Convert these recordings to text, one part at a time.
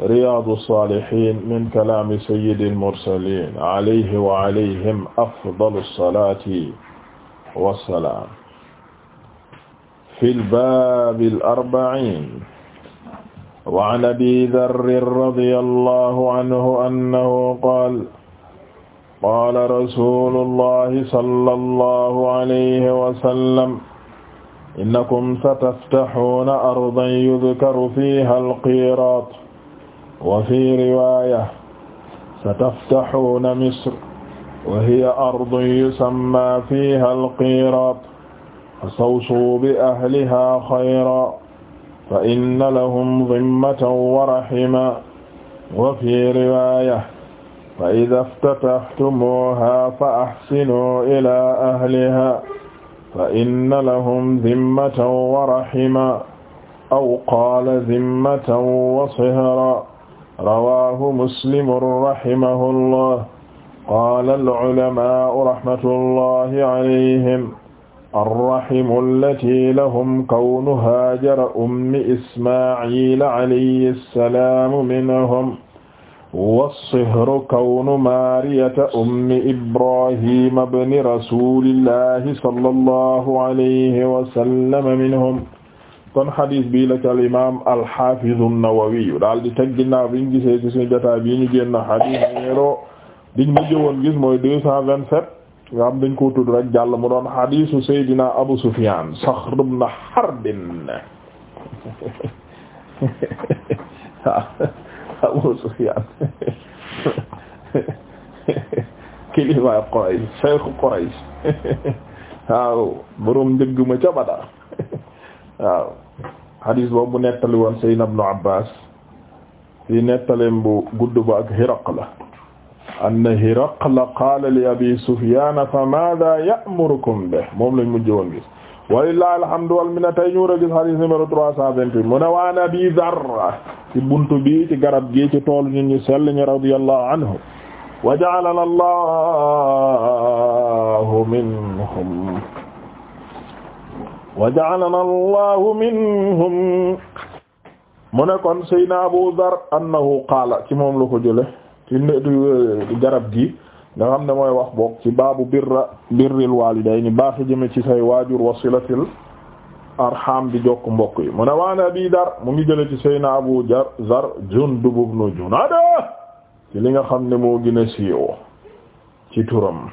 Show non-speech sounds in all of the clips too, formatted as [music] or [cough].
riyaadu saalihiin min kalaami sayyidil mursaliin alayhi wa alayhim afdalu salaati wa salaam. fil baabil arba'iin. wa an abii darrin radiyallaahu anhu annahu qaala qaala rasuulullaahi sallallaahu alayhi wa sallam. innakum sataftahuuna ardan yudkaru fiihaa al-qiraat wa fi riwaya sataftahuuna misr wa hiya ardun yusamma fiha alqirat fasawsuu bi ahliha xayra fa inna lahum dimmatan wa rahima wa fi riwaya fa ida iftatahtumuuha fa ahsinuu ilaa ahliha fa inna lahum dimmatan wa rahima aw qaala dimmatan wa sihra rawaahu muslimun rahimahullah qaala al-ulamaa'u rahmatullahi alayhim arrahimu allatii lahum kawnu haajara ummi ismaa'iila alayhi salaamu minhum wassihru kawnu maariyata ummi ibraahiima bni rasuulillaahi sallallahu alayhi wa sallam minhum kon xadis bii la ci al imaam al xaafiz nawawi daal di teg ginnaaw bi ñu gisee ci suñu jotaay bii ñu génn xadis numéro biñ mujj woon gis mooy deux cent vingt sept nga xam dañ ko mu doon xadisu Seydina Abu Sufyaan Saxr ibn Harb [laughs] Abu Sufyaan [laughs] kilifa Quraysh Seexu Quraysh [laughs] waaw borom njëgg ma ca xadiis boobu bu nettali woon Seydina Ibnu Abbaas fi nettaleem bu gudd ba ak Hiraqla anna Hiraqla qaala li Abi Sufyaan fa maadaa ya'murukum bihi moom lañ mujj woon gis walillahi alhamdu wal minna tey ñu war a gis xadiis numéro trois cent vingt-huit mu ne waan Abi Dar ci buntu bi ci garab gi ci tool ñu ñu sell ñu radiyallahu anhu wa ja'alana Allahu minhum wa ja'alana allahu minhum mu ne kon sayna Abu Dar annahu qaala ci moom la ko jële ci garab gi nga xam ne mooy wax bokk ci baabu birra birril walidayni baax jëme ci say waajur wasilatil arham bi jokk mbokk yi mu ne waan Abi Dar mu ngi jële ci sayna Abu Dar Zar Jundub ibn Junaada ci li nga xam ne moo gën a siiwoo ci turam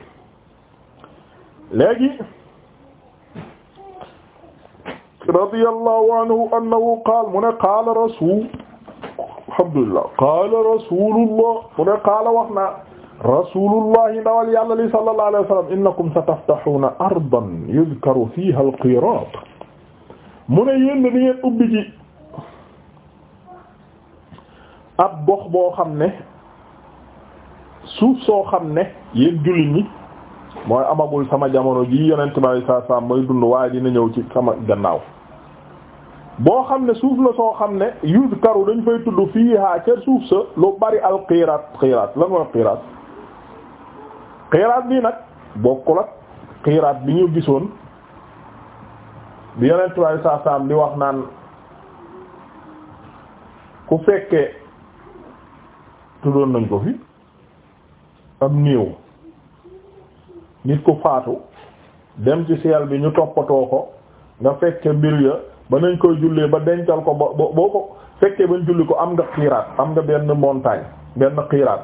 léegi radiyallahu anhu annahu qaala mu ne qaala rasul alhamdulillah qaala rasulullah mu ne qaala wax na rasulullahi ndawal yàlla li sallallahu alayhi wa sallam innakum sataftahuuna ardan yudkaru fiha alqiraat mu ne yéen ni ngeen ubbi ji ab gox boo xam ne suuf soo xam ne yéen jullit ñi mooy amagul sama jamono ji yonent bi alayhi salaatu mooy dund waaye dina ñëw ci sama gannaaw boo xam ne suuf la soo xam ne yuzkaru dañ fay tudd fiihaa ca suuf sa lu bari al qiiraat qiiraat lan mooy qiiraat bi nag bokkul ak qiiraat bi ñu gisoon bi yonent bi alayhi salaatu wax naan ku fekkee tuddoon nañ ko fi am néew nit ku faatu dem ci seel bi ñu toppatoo ko nga fekke mbir ya ba nañ koy jullee ba dencal ko ba boo ko fekkee bañ julli ko am nga xiiraat am nga benn montagne benn xiiraat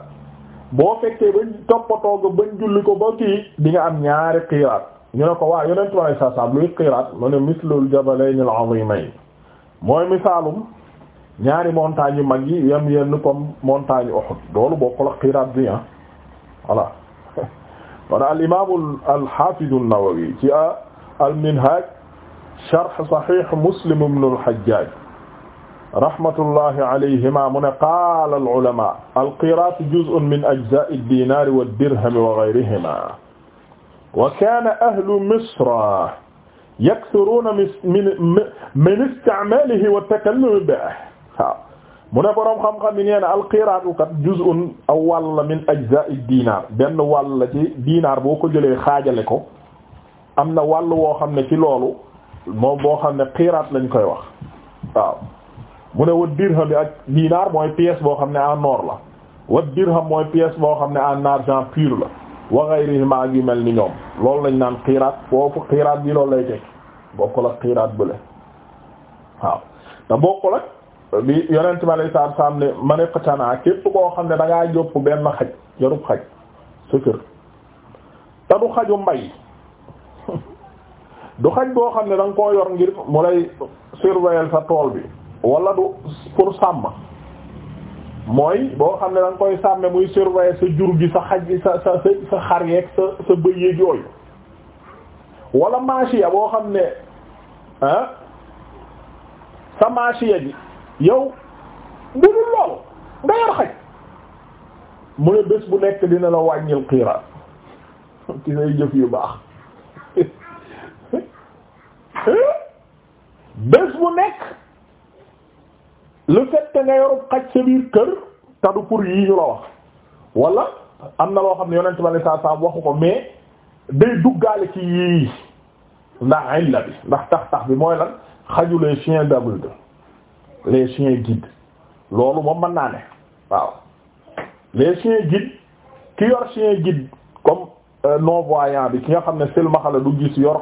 boo fekkee bañ toppatoo ko bañ julli ko ba kii di nga am ñaari xiiraat ñu ne ko waa yonent ma sa sa luy xiiraat mu ne mislul jabalayn al azimayn mooy misaalum ñaari montagne yu mag yi yam yenn comme montagne Uhud loolu bokkul ak xiiraat bi ah voilà kon al imaam al haafiz an-Nawawi ci al minhaaj sharh sahih Muslim ibn al Hajjaaj rahmatullahi alayhima mu ne qaala al ulamaa al qiraat juz'un min ajzaa'i ad-dinaar wad-dirham wa ghayrihimaa wa kaana ahlu misra yakthuruuna min min isticmaalihi wa takallumi bihi mu ne boroom xam-xam yi nee na alxiiraatu kat juz'un aw wàll la min ajza'i diinaar benn wàll la ci diinaar boo ko jëlee xaajale ko am na wàll woo xam ne ci loolu moom boo xam ne xiiraat lañ koy wax waaw mu ne wa dirham ak diinaar mooy pièce boo xam ne en or la wa dirham mooy pièce boo xam ne en argent pur la wa ghayrihima ak yu mel ni ñoom loolu lañ naan xiiraat foofu xiiraat bi loolu lay teg bokkul ak xiiraat bële waaw te bokkul ak bi yonent bi alayhi salaatu salaam ne man iqtana képp koo xam ne da ngaa jópp benn xaj yorub xaj sa kër te du xaju mbay [laughs] du xaj boo xam ne da nga koo yor ngir mu lay surveiller sa tool bi walla du pour sàmm mooy boo xam ne da koy sàmme muy surveiller sa jur gi sa xaj gi sa sa sa xar yeeg sa sa bëy yeeg yooyu wala maasiya boo xam ne ah sa maasiya bi yow bu dul loolu nga yor xaj mu ne bés bu nekk dina la wàññil xiira [laughs] ci say jëf yu baax [laughs] bés bu nekk le fait nga yorub xaj sa biir kër tadu pour yi ñu la wax wala am na loo xam ne yonent ma ne saa waxu ko mais day duggaale ci yii ndax illa bi ndax tax tax bi mooy lan xaju les chiens d'abord les chiens guides loolu moom mën naa ne waaw les chiens guides ki yor chien guide comme euh, non voyant bi ki nga xam ne silmaxa la du gis yor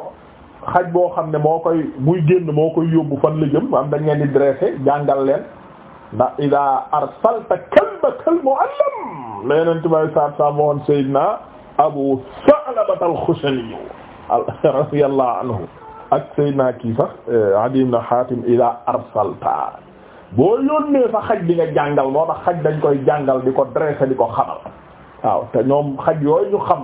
xaj boo xam ne moo koy buy génn moo koy yóbbu fan la jëm am dañ leen di dressé jàngal leen ndax ida arsalta kalba kal muallam la yeneen tubaab saab saab woon Seydina Abu Sa'laba al-Xushani anhu ak Seydina kii sax euh, Adi ibn Hatim boo yónnee sa xaj bi nga jàngal moo tax xaj dañ koy jàngal di ko dresser di ko xamal waaw te ñoom xaj yooyu ñu xam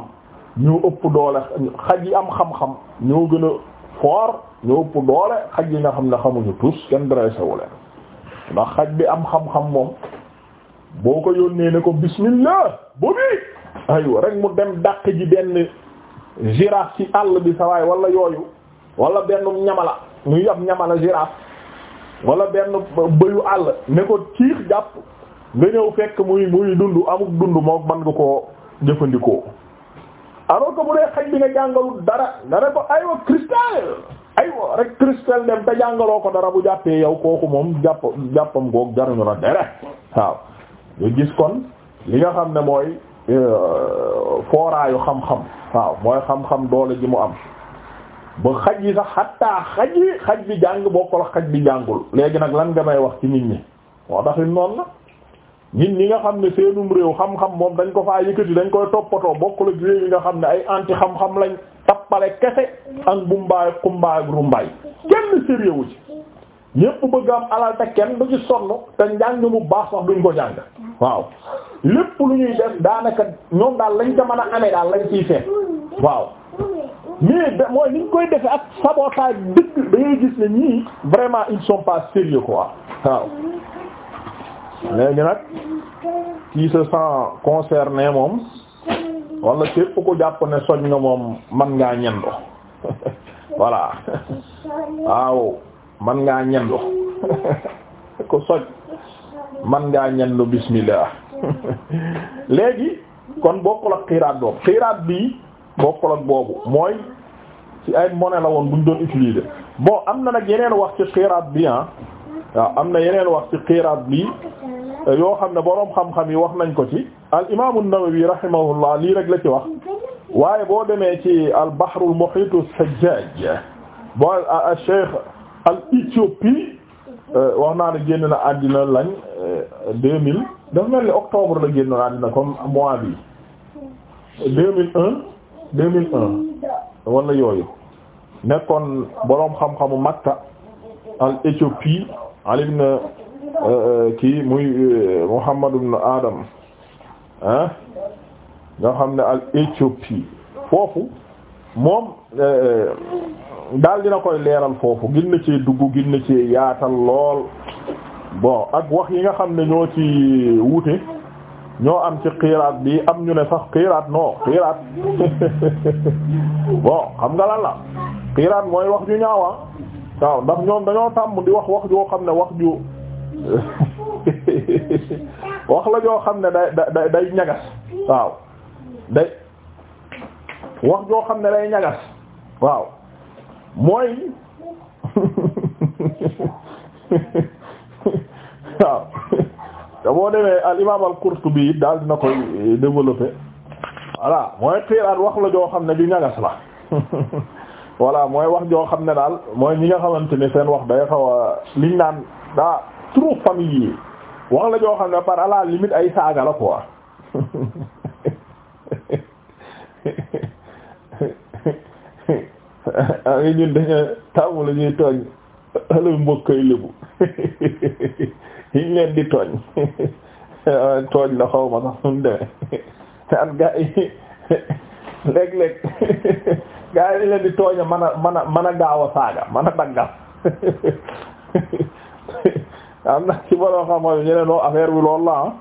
ñu ëpp doole xaj yi am xam-xam gën a fort ñoo ëpp doole yi nga xam ne xamuñu tous kenn dresser wu leen ndax xaj bi am xam-xam moom boo ko yónnee ne ko bismillah bu bi aywa rek mu dem dàq ji benn girafe ci àll bi sawaay wala yooyu wala benn ñamala muy ab ñamala girafe wala benn bëyu àll ne ko ciix jàpp nga ñëw fekk muy muy dund amuk dund moo mën nga koo jëfandikoo alors que bu dee xaj bi nga jàngalul dara nga ne ko aywa cristal aywa rek cristal dem te jàngaloo ko dara bu jàppee yow kooku moom jàpp jàppam goog jaruñu la dara waaw nga gis kon li nga xam ne mooy euh, fooraayu xam-xam waaw mooy xam-xam doole ji mu am ba xaj yi sax xattaa xaj yi xaj bi jàng bokkul xaj bi jàngul léegi nag lan nga may wax ci nit ñi moo taxit noon la nit ñi nga xam ne seenum réew xam-xam moom dañ ko faa yëkkati dañ koy toppatoo bokkul ak réew yi nga xam ne ay anti xam-xam lañ tappale kese ak bumbaay kumbaay rumbaay kenn si réewu ci ñépp bëgg am alal te kenn du ci sonn te njàng mu baax sax duñ ko jàng waaw lépp lu ñuy def daanaka ñoom daal lañ ca mën a amee daal lañ ciy seet waaw mais da mooy niñ koy defe ak sabotage dëgg da ngay gis ne ñii vraiment ils sont pas sérieux quoi waaw léegi nag qui se sent concerné moom wala képp ko jàpp ne soñ nga moom man ngaa ñendo [laughs] voilà waaw man ngaa ñendo [laughs] ko soj man ngaa ñendo bismillah [laughs] léegi kon bokkul ak xiraat boobu xiraat bi bokkul ak boobu mooy ci ay monnaie la woon buñ doon utiliser bon am na nag yeneen wax ci xiraat bi ah waaw am na yeneen wax ci xiraat bi eh, yoo xam ne boroom xam-xam yi wax nañ ko ci al imam an-Nawawi rahimahullah lii rek la ci wax waaye boo demee ci al bahr al muhit as-sajjaj bo al cheikh al éthiopie eh, wax naa ne génn na àddina lañ eh, deux mille dafa mel ni octobre la génnoon àddina comme mois bi deux deux mille un yooyu nekkoon boroom xam-xamu Makka al Éthiopie Ali ibn euh, euh, kii muy euh, Muhammad ibn Adam ah nga xam ne al Éthiopie foofu moom daal dina koy leeral foofu gën na cee dugg gën na cee yaatal lool bon ak wax yi nga xam ne ñoo ci wuute ñoo am ci qiraat bi am ñu ne sax qiraat non qiraat [laughs] bon xam nga lan la qiraat mooy wax ju ñaawa ah waaw ndax ñoom dañoo tàmm di wax wax joo xam ne wax ju [laughs] wax la joo xam ne day day ñagas waaw day wax joo xam ne day ñagas waaw mooy [laughs] waaw te demee al imaam al Qurtubi it daal dina koy eh, développé voilà mooy xiraat wax la joo xam ne ju ñagas la [laughs] voilà mooy wax joo xam ne daal mooy ñi nga xamante ne seen wax day xaw liñ naan daa trop famille yi wax la joo xam ne par à la ay saaga la quoi ngi [laughs] ñun dañu tàmm la tooñ ala mbokk ay [laughs] yi ñu leen di tooñ [laughs] la xaw ma sax mun demee daan gaa yi [laughs] léeg-léeg [laughs] gaa yi leen di tooña man a man a man a gaaw a saaga man a daggal am na ci baroo xam mooy ñeneen loo affaire bi loolu la ah.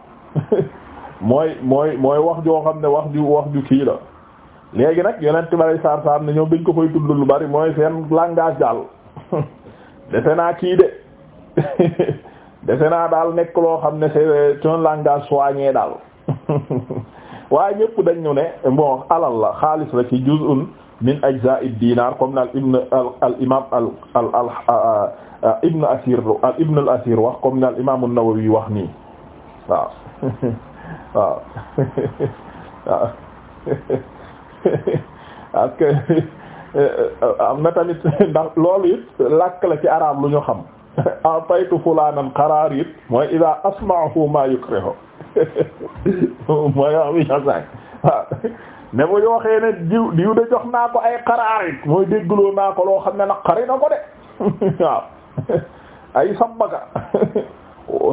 mooy mooy mooy wax joo xam ne wax ju wax ju kii la léegi nag yonent bari saar saar ne ñoom biñ ko fay tudd lu bari mooy seen langage daal defe naa daal nekk loo xam ne c'est un langage soigné daal [laughs] waaye ñëpp dañ ñu ne bon alal la xaalis la ci juz'un min ajza'id dinar comme al al ibn asir al ibn asir wax comme al imam an-Nawawi wax nii waaw [laughs] waaw [laughs] parce que euh, euh, am na tamit ndax loolu it làkk la ci araab lu ñu xam [laughs] ataytu fulaanan qaraariit mooy idaa asma'ahu maa yukrahu [laughs] mooy wax wi ñasaay waaw ne bu ñu waxee ne jiw jiw de jox naa ko ay qaraariit mooy déggloo naa ko loo xam ne naqari na ko de [laughs] waaw ay sabbaka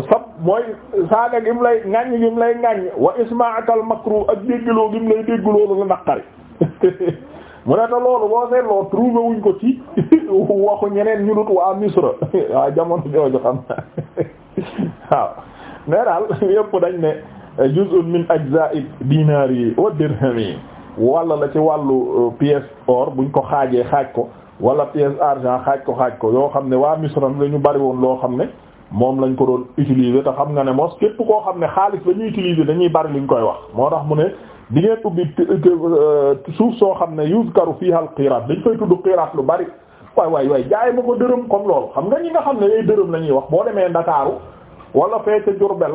sab mooy saaga gim lay ŋaññ gim lay ŋaññ wa ismaa'aka al makru ak déggloo gim la naqari mu ne te loolu boo seetloo trouvé wuñ ko ci [laughs] waxu ñeneen ñu dut waa Misra [laughs] waaw jamono jooju xam na [laughs] waaw mais daal dañ ne eh, juz'un min ajza'i dinaar yi wa dirham yi walla la ci wàllu eh, pièce or buñ ko xaajee xaaj ko wala pièce argent xaaj ko xaaj ko yoo xam ne waa Misra la ñu bari woon loo xam ne moom lañ ko doon utiliser te xam nga ne mos képp koo xam ne xaalis la ñuy dañuy bari liñ koy wax moo tax mu ne di ngeen ubbi euh, suuf soo xam ne yuzkaru fiha al qirat dañ fay tudd qirat lu bari waay waay waay jaay ma ko dërëm comme loolu xam nga ñi nga xam ne ay dërëm la ñuy wax boo demee Ndakaaru wala fee ca Jurbel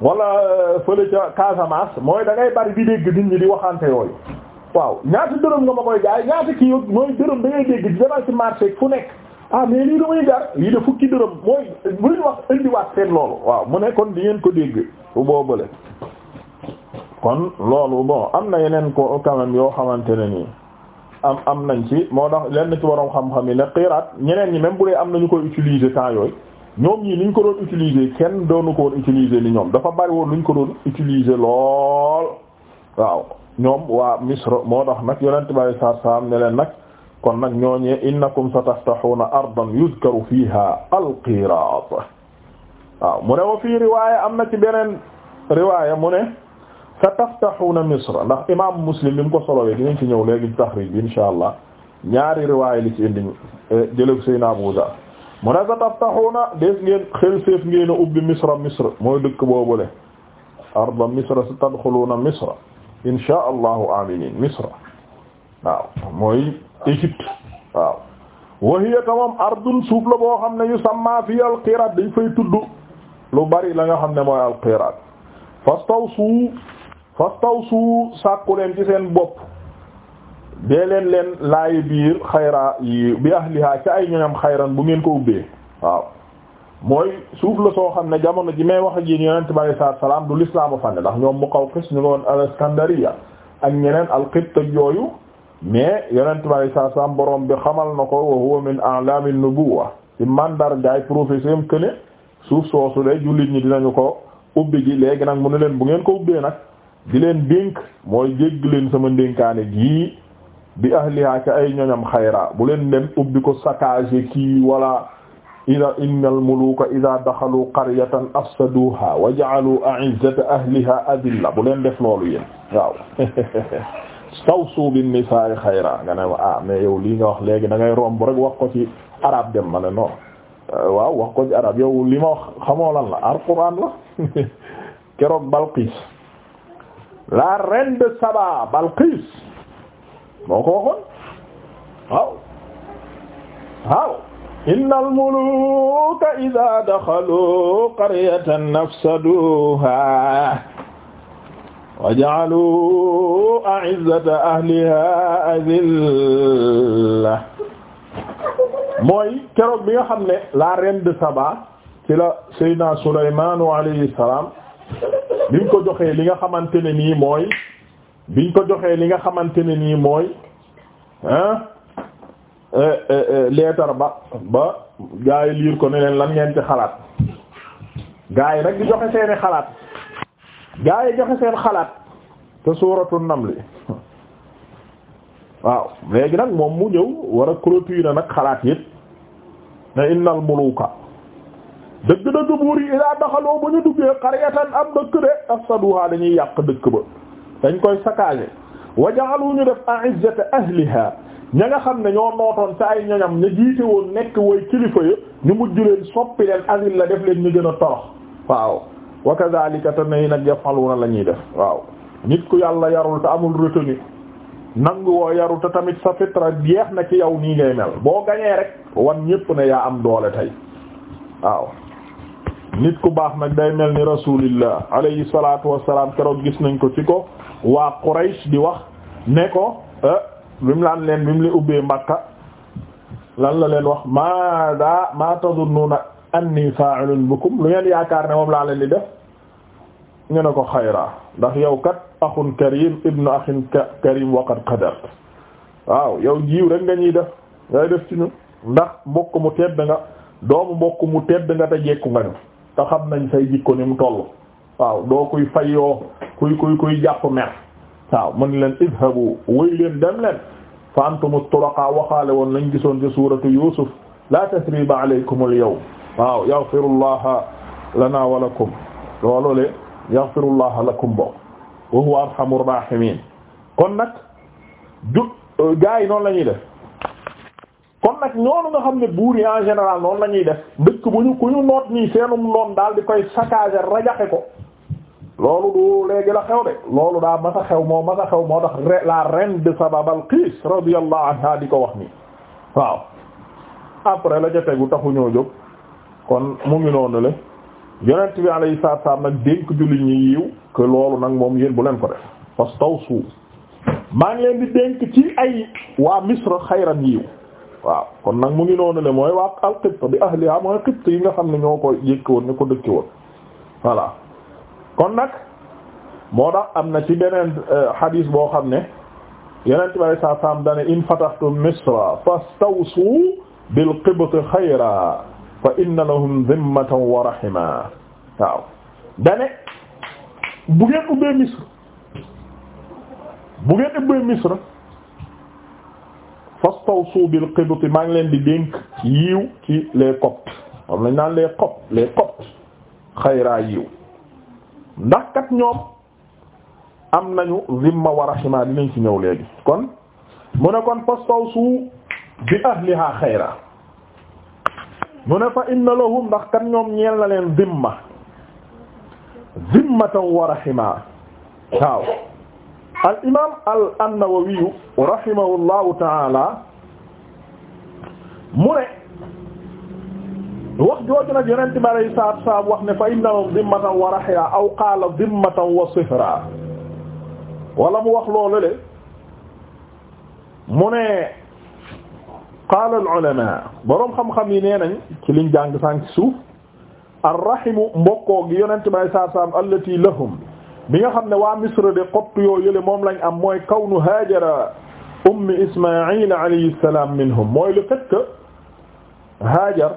wala euh, fële ca Casamance mooy da ngay bari di dégg nit ñi di waxante yooyu waaw ñaata dërëm nga ma koy jaay ñaata kii yëpp mooy dërëm da ngay dégg di demal ci marché fu nekk ah mais lii damay gar lii da fukki dërëm mooy bu ñu wax indiwaat waaw mu ne di ngeen ko dégg bu boobale kon loolu bon am na yeneen ko quand yoo xamante ne nii am am nañ ci moo tax lenn ci waroom xam-xam yi ne xiraat ñeneen ñi même bu dee am nañu koy utiliser temps yooyu ñoom ñii niñ ko doon utiliser kenn doonu ko woon utiliser ni ñoom dafa bari woon luñ ko doon utiliser lool waaw ñoom waa Misr moo tax nag yonent bari sar saam ne leen nag kon nag ñooñee innakum sataftahuuna ardan yuzkaru fiha alqiraat waaw mu ne wa fii riwaaya am na ci beneen sa taftaxuuna misra ndax imaamu muslim bi mu ko solowee dinañ ci ñëw léegi taxriij bi insha allah ñaari riwaay li ci indi eh, jëlëg sayna Abu Zar mu ne sa taftaxuuna misra misra mooy dëkk boobule arda misra sa tadxuluuna misra insha allahu aminin misra waaw mooy Égypte waaw wa hiya tamam ardun la boo xam ne yu samma fi alqirat dañ fay tudd lu bari la nga xam ne mooy alqirat fastawsu su sàkku leen ci seen bopp dee leen leen laayi biir xayraa yi bi ahliha ci ay ñoñam xayran bu ngeen ko ubbee waaw mooy suuf la soo xam ne jamono ji may wax ak yéen yonent bi alayhi salaatu salaam du lislaam a fànne ndax ñoom Muqawqis ñu ngi woon Alexandria ak ñeneen al-Qibt yooyu mais yonent bi alayhi salaatu salaam borom bi xamal na ko wa huwa min a'laami nubuwwa ci mandargaay prophétie que ne suuf soosu day jullit ñi dinañu ko ubbi ji léegi nag mu ne leen bu ngeen ko ubbee nag. di leen dénk mooy jégg leen sama ndénkaane gii bi ahliha ca ay ñoñam xayra bu leen dem ubbi ko saccage kii wala ida inna almuluka ida daxalu qaryatan afsaduha wa ja'alu a'izzata ahliha adilla bu leen def loolu yéen waaw [laughs] stawsu bin nisaa xayra nga ne ma ah mais lii nga wax léegi da ngay romb rek wax ko ci arab dem ma ne non euh, waaw wax ko ci arab yow li ma wax xamoo lan la alquran la [laughs] keroog Balqis la reine de Saba Balqis moo ko waxoon waaw waaw inna al-muluka idha dakhalu qaryatan afsaduha wa ja'alu a'izzata ahliha adillah mooy keroog bi nga xam ne la reine de Saba ci la Seydina Sulaymaanu alayhi salaam biñ ko doxee li nga xamante ne nii mooy biñ ko doxee li nga xamante ne nii mooy hein euh, euh, euh, leetar ba ba gaa liir ko ne leen lan ngeen xalaat gaa yi nag di joxe seeni xalaat gaa yi joxe seen xalaat te nam li waaw léegi nag moom mu ñëw war a clôturer nag xalaat yépp ne innal muluka dëgg-dëgg buur yi ilaa daxaloo ba ñu duggee qaryatan am dëkk de afsaduha dañuy yàq dëkk ba dañ koy saccagé wa wu ñu def a a'izzata ahliha ña nga xam ne ñoo nootoon sa ay ñoñam ña jiite woon nekk way kilifa ya ñu mujj leen soppi leen azil la def leen ñu gën a torox waaw wa kadhalika te nay nag yafaluna la ñuy def waaw nit ku yàlla yarul te amul retenu nangu woo yaru tamit sa fitra jeex na ci yow nii ngay mel boo gañee rek wan ñépp na yaa am doole tey nit ku baax nag day mel ni rasulillah alayhi salaatu wassalaam keroog gis nañ ko ci ko waa Quraysh di wax ne ko eh, bi mu laan leen bi mu leen ubbee Makka lan la leen wax maa daa maa tazunnuna anni fa'ilun bikum lu ngeen yaakaar ne moom laa leen di def ñu ne ko xayra ndax yow kat axun karim ibnu axin karim wa qad waaw yow jiw rek nga ñuy def ngay def ci ñun ndax mbokk mu tedd nga doomu mbokk mu tedd nga te jekku nga ñu te xam nañ say jikko ni mu toll waaw doo kuy fayoo kuy kuy kuy jàpp mer waaw mën leen idhabu wëy leen dem leen fa antumu turaqa waxaale woon nañ gisoon ci suuratu Yuusuf la tasriba alaykum al yawm waaw yaghfirullaha lana wa lakum loolu le yaghfirullaha lakum bo wa huwa arhamur rahimin kon nag ju gaa yi noonu la ñuy def kon nga xam ne buur yi en général noonu la ñuy def dëkk bu ñu ku ñu noot nii seenum noon daal di koy saccager rajaxe ko loolu du léegi la xew de loolu daa masa xew moo masa xew moo tax la reine de Saba Balqis radiyallahu anha di ko wax nii waaw après la ca tegu taxu ñoo jóg kon mu ngi noonu le yonent bi alayhi salaatu salaam nag dénk jullit ñi yiw que loolu nag moom yéen bu leen ko def fastawsu maa ngi leen di dénk ci ay waa Misra xayran yiw waaw kon nag mu ngi noonu ne mooy waa al Qibt bi ahliha mooy Qibt yi nga xam ne ñoo ko yëkk woon ñu ko dëkki woon voilà kon nag moo tax am na ci beneen hadis euh, boo xam ne yeneen ci bari saa saam dane in fatahtum misra fastawsu bil Qibt xayra fa inna lahum dhimmatan wa rahima waaw dane bu ngeen ubbee misra bu ngeen ubbee misra fastawsu bil qibti maa ngi leen di dénk yiw ci les coptes moom lañ naan les coptes les coptes xayraa yiw ndax kat ñoom am nañu zimma wa dinañ ci ñëw léegi kon mu ne kon fastawsu bi ahliha xayra mu ne fa inna lahum ndax kat ñoom ñeel na leen zimma zimmatan wa rahima waaw al imaam al an-Nawawi rahimahullahu taala mu ne wax jooju nag yonent bi alayhi salaatu salaam wax ne fa innahu dimmatan wa rahya aw qaala dimmatan wa sihra wala mu wax loolu le mu ne qaala al-ulamaa boroom xam-xam yi nee nañ ci liñ jàng sànq suuf ar-rahimu mbokkoo gi yonent bi alayhi salaatu salaam allati lahum bi nga xam ne waa misra de xott yoo yële moom lañ am mooy kawnu haajara ummi ismail alayhi salaam minhum mooy le fait que haajar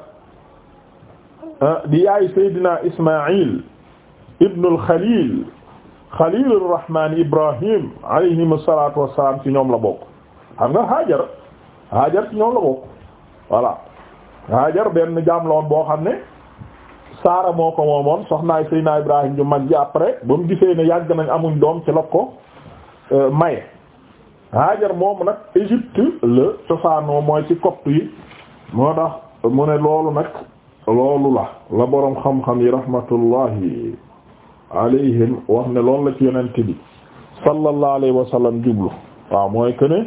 ah, di yaay saydina ismail ibnu alxalil xalil arrahman ibrahim alayhim asalatu wassalam ci ñoom la bokk xam nga haajar haajar ci ñoom la bokk voilà haajar benn jaam la woon boo xam ne saara moo ko moomoon soxnaay Seydina Ibrahim ju mag ji après ba mu gisee ne yàgg nañ amuñ doom ci la ko euh, maye Hajar moomu nag Égypte la cosaanoo mooy ci copte yi moo tax mu ne loolu nag loolu la la boroom xam-xam yi rahmatullahi alayhim wax ne loolu la ci yonent bi sallallahu alayhi wa sallam jublu waaw mooy que ne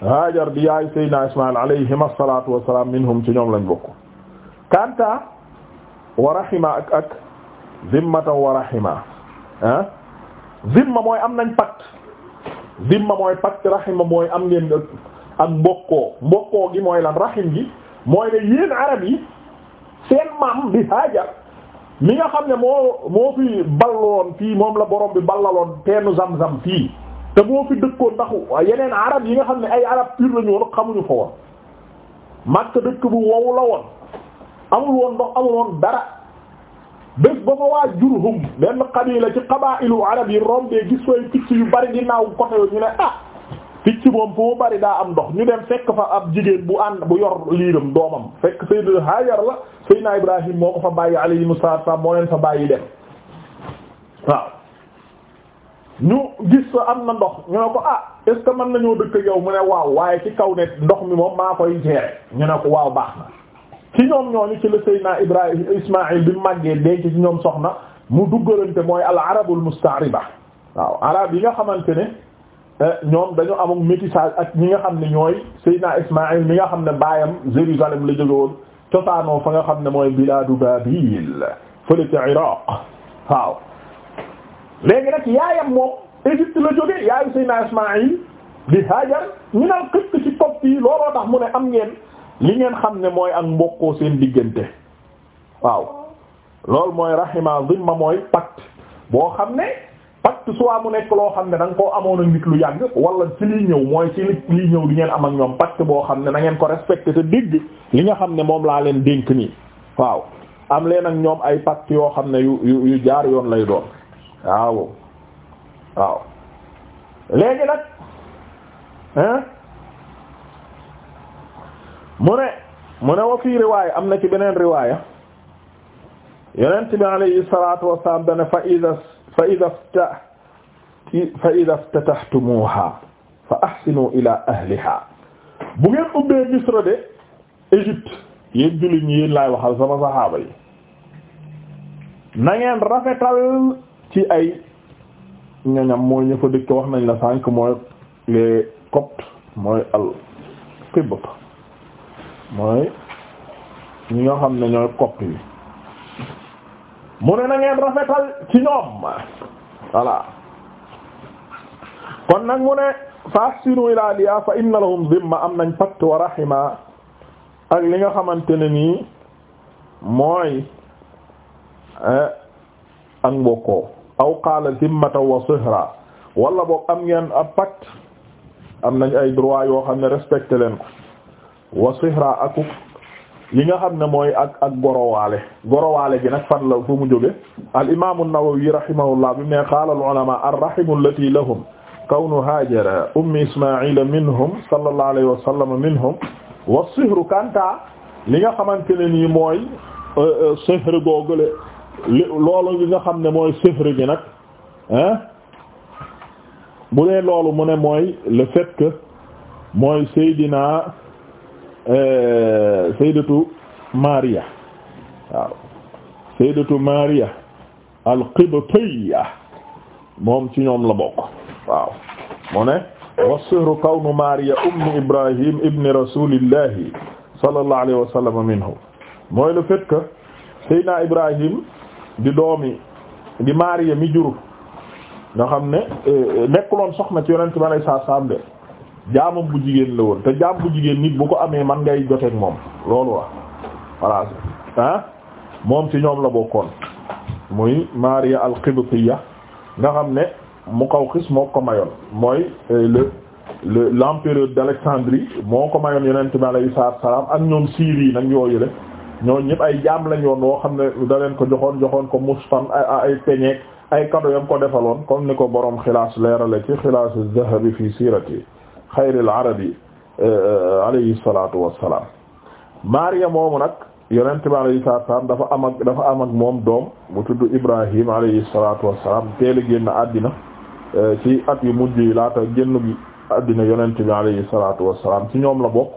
Hajar di yaay Seydina Ismaïl alayhim assalatu wassalam minhum ci ñoom lañ bokk kanta wa rahima ak ak zimmatan wa rahima ah zimma mooy am nañ pacte zimma mooy pacte rahima mooy am ngeen ak mbokkoo mbokkoo gi mooy lan rahim gi mooy ne yéen arab yi seen maam bi Hajar mi nga xam ne moo moo fi balloon fii moom la borom bi ballaloon teenu zam-zam fii te moo fi dëkkoon ndaxu yeneen arab yi nga xam ne ay arab pur la woon xamuñu fa woon Makka dëkk bu wow la woon amul woon ndox amul woon dara bés ba fa waa Jurhum benn qabila ci qabaa'ilu arab yi rombee gis fay picc yu bari ginnaaw côté yooyu ñu ne ah picc moom foo bari daa am ndox ñu dem fekk fa ab jigéen bu ànd bu yor liiram doomam fekk Sayyidina Hajar la Sayyidina Ibrahim moo ko fa bàyyi alayhimu salaatu salaam moo leen fa bàyyi dem waaw ñu gis fa am na ndox ñu ne ko ah est ce nañoo dëkk yow mu ne waaw waaye ci kaw ne ndox mi moom maa koy gérer ñu ne ko waaw baax ci ñoom ñooñu ci la Seydina Ibrahim Ismaïl bi mu màggee denc ci ñoom soxna mu duggalante mooy al arabul mustaariba waaw arab yi nga xamante ne eh, ñoom dañu amum métissage ak ñi nga xam ne ñooy Seydina Ismaïl mi nga xam ne baayam Jérusalem la jóge woon cosaanoo fa nga xam ne mooy biladu Babil fële ca Iraq waaw léegi nag yaayam moom Égypte la jóge yaayu Seydina Ismaïl di Hajar ñu naan këkk ci kopp yi looloo tax mu ne am ngeen li ngeen xam ne mooy ak mbokkoo seen diggante waaw loolu mooy rahima zimma mooy pacte boo xam ne pacte soit mu nekk loo xam ne da koo amoon ak nit lu yàgg wala ci liy ñëw mooy ci lii ñëw di ngeen am ak ñoom pacte boo xam ne na ngeen ko respecté te dégg li nga xam ne moom laa leen dénk nii waaw am leen ak ñoom ay pacte yoo xam ne yu yu yu jaar yoon lay doon waaw waaw léegi nag hein mu ne mu ne wa fii riwaaya am na ci beneen riwaaya yonent bi alayhi salatu wassalam dane fa ida fa ida fta fa ida ftatahtumuha fa ahsinu ila ahliha bu ngeen ubbee Misra de Égypte yéen jullit ñi yéen laay waxal sama saxaaba yi na ngeen rafetal ci ay ñoñam mooy ñu fa dëkk wax nañ la sànq mooy les coptes mooy al qibط mooy ñi nga xam ne ñooy kopp yi mu ne na ngeen rafetal ci ñoom voilà kon nag mu ne fa ahsinu ila aliya fa inna lahum zimma am nañ patt wa rahima ak li nga xamante ne nii mooy eh, ak mbokkoo aw qaala zimmata wa sihra wala boog am ngeen a patt am nañ ay droit yoo xam ne respecté leen ko wa sihra akuk li nga xam ne mooy ak ak gorowaale gorowaale gi nag fan la fu mu jóge al imaamu Nawawi rahimahullah bi ne qaala al ulama ar-rahimu allati lahum kawnu haajara ummi ismaila minhum sallallahu alayhi wa sallam minhum wa sihru kanta li nga xamante ne nii mooy euh, euh, sihr googule loolu li nga xam ne mooy sihr gi nag ah bu dee loolu mu ne mooy le fait que mooy Seydina Euh, sayyidatu Mariya waaw sayyidatu Mariya al-Qibtiyya moom ci ñoom la bokk waaw mu ne wa sihru kawnu Mariya ummu Ibrahim ibni rasulillahi sallallahu alayhi wa sallam minhu mooy le fait que Seydina Ibrahim di doomi di Mariya mi jur nga xam ne euh, nekkuloon soxna ci yonent bi alayhi salaam de jaamam bu jigéen la woon te jaam bu jigéen nit bu ko amee man ngay joteeg moom loolu la voilà ah moom ci ñoom la bokkoon muy Maria al-Qibtiyya nga xam ne mu Muqawqis moo ko mayoon mooy euh, le le l'empereur d'Alexandrie moo ko mayoon yonent bi alayhi salaatu wa salaam ak ñoom Syrie nag yooyu la ñoo ñëpp ay jaam lañ yoon woo xam ne da leen ko joxoon joxoon ko mustan ay peñeek ay cadeau yam ko defaloon comme ni ko borom xilaas leerale ci xilaasu zahabi fii siirati xayril arabi eh, eh, alayhi salaatu wassalaam moomu nag yonent bi alayhi salaatu dafa am moom doom bu tudd Ibrahim alayhi salaatu wassalaam teel a génn àddina eh, ci at yu mujj yi laata génn gi àddina yonent bi alayhi salaatu wassalaam ci ñoom la bokk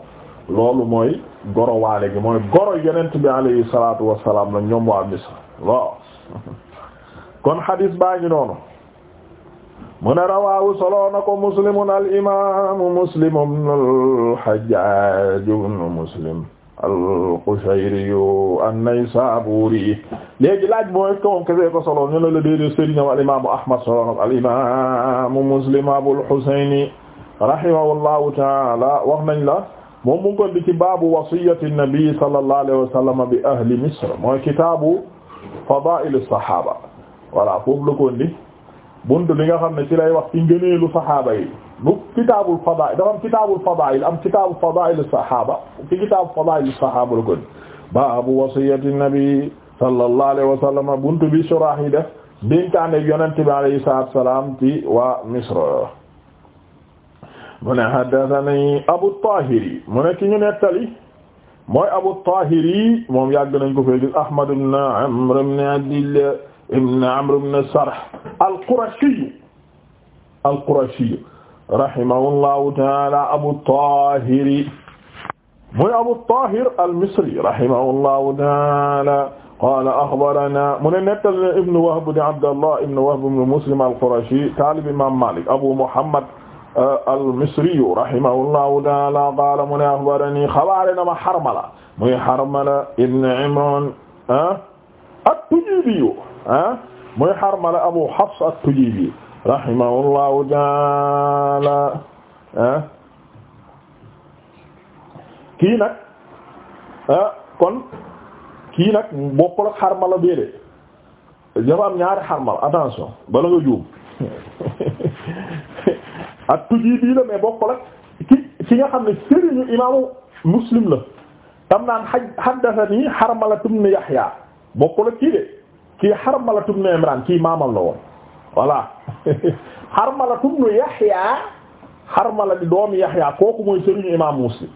loolu mooy goro waale gi mooy goro yonent bi alayhi salaatu wassalaam la ñoom waa Misra waaw [laughs] kon hadis baa ngi mu ne rawaahu solo na ko muslimun al imaamu muslim ibnul hajjaaj ibnu muslim al qushayri an-naysaburi léegi laaj mooy ko kese ko solo ñu ne la déedéet sëriñ al imaamu ahmad solo al imaamu muslim abul husayni rahimahullahu taala wax nañ la moom mu ngi ko di ci baabu wasiyati nabi sallallahu alayhi wa sallam bi ahli misr mooy kitaabu fadaa'il as-sahaaba voilà foofu la ko ndi buntu bi nga xam ne ci lay wax ci ngëneelu saxaaba yi bu kitaabul fadaa'il dafa am kitaabul fadaa'il am kitaabu fadaa'il saxaaba ci kitaabu fadaa'il saxaaba la ko baabu wasiyati nabi sallallahu alayhi buntu bi surah yi def dénkaane yonent bi alayhi wa Misra mu ne haddathani Abu Tahiri mu ne ki mooy Abu Tahiri moom yàgg nañ ko fay Ahmad ibn Amr ibn Abdillah ibn Amr ibn Sarh al-Qurashi al-Qurashi rahimahullahu ta'ala Abu Tahir muy Abu Tahir al-Misri rahimahullahu ta'ala qaala axbarana mu ne nettal ibn Wahb di Abdallah ibn Wahb ibn Muslim al-Qurashi taalib imaam Maalik Abu Muhammad uh, al-Misri rahimahullahu ta'ala qaala mu ne axbarani xabaare na ma Harmala muy Harmala ibn Imraan ah, at-Tujiibi ah muy Harmala Abu Hafs at-Tujibi rahimahullahu taala ah kii nag ah kon kii nag bokkul ak Harmala béede dafa am ñaari Harmala attention bala nga juum [laughs] at-Tujibi la mais bokkul ak ki ki nga xam ne sëriñu imaamu Muslim la tam naan xaj haddathani Harmala ibn Yahya bokkul ak kii de. kii Harmala ibn Imran kii maamal la woon voilà [laughs] Harmala ibn Yahya Harmala di doomi Yahya kooku mooy sëriñu imam Muslim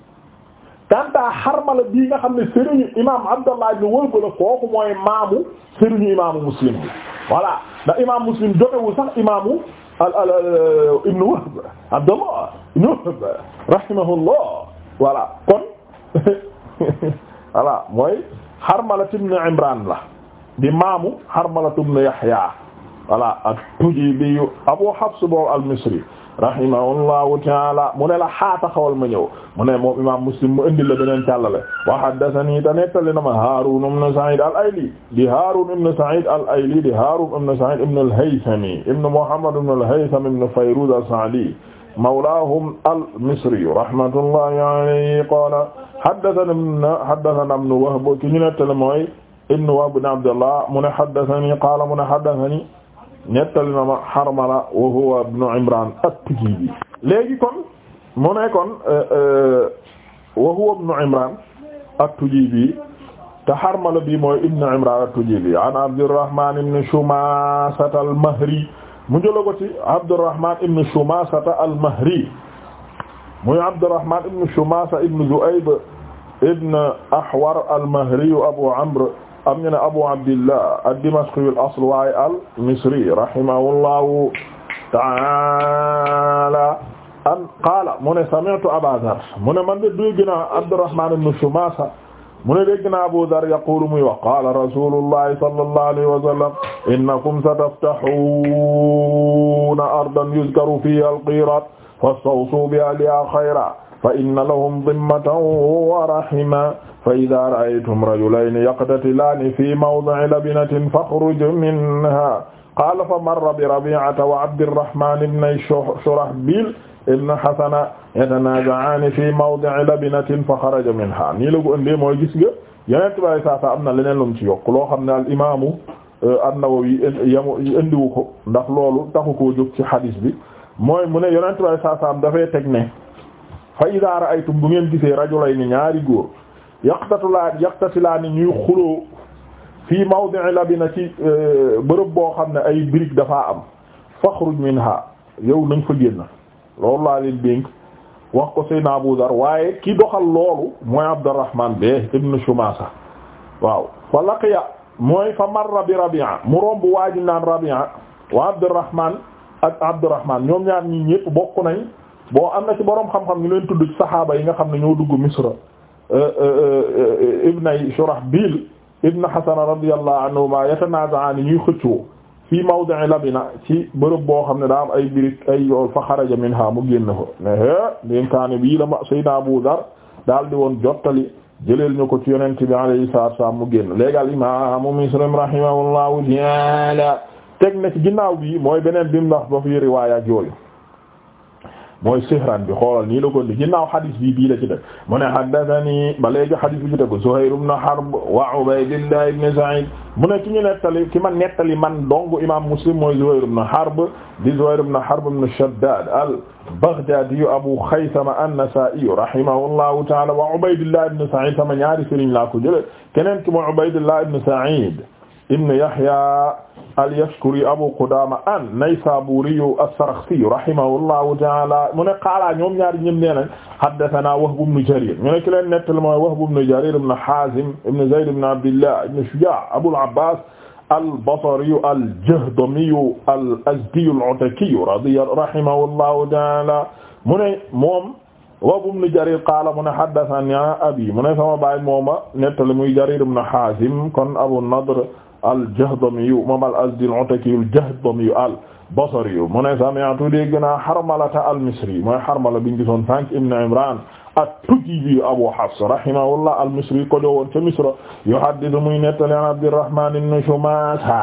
kanta Harmala bii nga xam ne sëriñu imam Abdallah ibn Wahb la kooku mooy maamu sëriñu imaamu Muslim bi voilà ndax imam Muslim jotewul sax imaamu al al ibn Wahb Abdallah ibn Wahb rahimahullah voilà kon [laughs] voilà mooy Harmala ibn Imran la di maamu Harmalatu ibn Yahya voilà at-Tujibi Abu Hafs boobu al-Misri rahimahullahu taala mu ne la xaata xawal ma ñëw mu ne moom imam Muslim mu indi la beneen càllale wa haddathani te nettali na ma Harun ibn Sa'id al-Ayli di Harun ibn Sa'id al-Ayli di Harun ibn Sa'id ibn al-Haythami ibn Muhammad ibn al-Haytham ibn Fayruz as-Sa'di mawlaahum al-Misri rahmatullahi alayhi qala haddathana ibn haddathana ibn Wahb ki ñu nettali mooy ibn Wahb ibn Abdullah mu ne haddathani qaala mu ne haddathani nettali na ma Harmala wa huwa ibn Imran at-Tujibi léegi kon mu ne kon e, e, wa huwa ibn Imran at-Tujibi te Harmala bi mooy ibn Imran at-Tujibi an Abdurrahman ibn Shumasa al-Mahri mu jëloon ko ci Abdurrahman ibn Shumasa al-Mahri muy Abdurrahman ibn Shumasa ibn Zu'ayb ibn Ahwar al-Mahri Abu Amr am ñu ne Abu Abdillah ad-Dimashqi al-asl waaye al-Misri rahimahullahu ta'ala an qaala mu ne sami'tu Aba Dharr mu ne man de dégg naa Abdurrahman ibn Shumasa mu ne dégg naa Abu Dharr yaqulu muy wax qaala rasulullahi sallallahu alayhi wa sallam innakum sataftahuna ardan yuzkaru fiha al-qirat fastawsu biha khayran fa inna lahum dimmatan wa rahima fa idaa ra'aytum rajulayni yaqtatilaani fii mawdi'i labinatin faxruj minhaa qaala fa marra bi rabi'ata wa abdirrahmaan ibni shurahbiil ibni hasana yatanaaza'aani fii mawdi'i labinatin fa xaraja minhaa nii la ko ëndee mooy gis nga yeneen tubaab yi saa saa am na leneen lu mu ci yokk loo xam ne al imaamu euh, an-Nawawi yamu indiwu ko ndax loolu taxu koo jóg ci hadis bi mooy mu ne yeneen tubaab yi saa saa am dafay teg ne. fa idaa ra'aytum bu ngeen gisee rajulayni ñaari góor yaqtatulaan yaqtatilaani ñuy xuloo fii mawdi'i labina ci e, bërëb boo xam ne ay brique dafaa am faxruj minha yow nañ fa génn loolu laa leen dénk wax ko Seydina Abu Dar waaye ki doxal loolu mooy Abdurrahman be ibn Shumasa waaw fa laqiya mooy fa marra bi Rabi'a mu romb waaji naan Rabi'a wa Abdurrahman ak Abdurrahman ñoom ñaar ñi ñépp bokk nañ boo am na ci borom xam-xam ñu leen tudd ci saxaaba yi nga xam ne ñoo dugg Misra euh, euh, euh, ibnay Shurahbil ibn Hasan radiyallahu anhuma yatanaza'ani ñuy xëccoo fii mawdi'i labina ci bërëb boo xam ne daa am ay birik ay yool fa xaraja minha mu génn fa mais é ndénkaane bii la ma Seydina Abu Dar daal di woon jottali jëleel ñu ko ci yonent bi alayhi salaatu salaam mu génn léegal imaamu Muslim rahimahullahu ta'ala teg na ci ginnaaw bi mooy beneen bi mu wax ba fi riwaaya ak mooy sihran bi xoolal ni la a li ginnaaw hadis bi bii la ci def mu ne haddathani ba léegi hadis bi ci def Zuhayr Harb wa Ubaydillah ibn Sa'id mu ne ki ñu nettali ki ma nettali man dong imam Muslim mooy Zuhayr ibn Harb di Zuhayr ibn Harb ibn Shaddad al-Baghdadi Abu Khaythama an-Nasa'i rahimahullahu ta'ala wa Ubaydillah ibn Sa'id sama ñaari sëriñ laa ki mooy Ubaydillah ibn Sa'id ibn Yahya al-Yashkuri Abu Qudama an-Naysaburi as-Sarakhsi rahimahullahu ta'ala mu ne qaala ñoom ñaari ñëm nee nañ haddathana Wahb ibn Jarir ñu ne ki leen nettal mooy Wahb ibn Jarir ibn Hazim ibn Zayd ibn Abdillah ibn Shuja' Abul Abbas al-Basri al-Jahdami al-Azdi al-Ataki radiya rahimahullahu ta'ala mu ne moom Wahb ibn Jarir qaala mu ne haddathani abi mu ne sama baay mooma nettali muy Jarir ibn Hazim kon Abu Nadr al-Jahdami moom al-Azdi al-Ataki al-Jahdami al-Basri mu ne sami'tu dégg naa Harmalata al-Misri mooy Harmala bi ñu gisoon sànq ibn Imran at-Tujibi Abu Hafs rahimahullah al-Misri ko jowoon ca Misra yuhaddithu muy nettali an Abdurrahman ibn Shumasa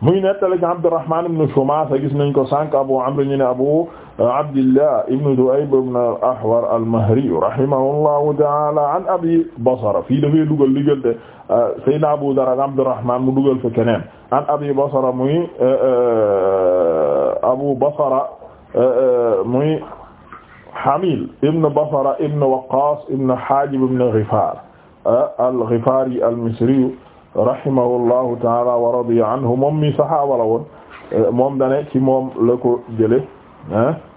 muy nettali ci Abdurrahman ibn Shumasa gis nañ ko sànq Abu Amr ñu ne Abu Abdillah ibn Du'ayb ibn al-Ahwar al-Mahri rahimahullahu ta'ala an Abi Basra fii dafay dugal liggéey euh, de Sayyidina Abu Dharr Abdurrahman mu dugal fa keneen an Abi Basra muy euh, euh, Abu Basra muy Hamil ibn Basra ibn Waqqas ibn Hajib ibn Ghifar ah, al-Ghifari al-Misri rahimahullahu ta'ala wa radiya anhu moom mi saxaaba la woon eh, moom dane ci moom la ko jëlee ah.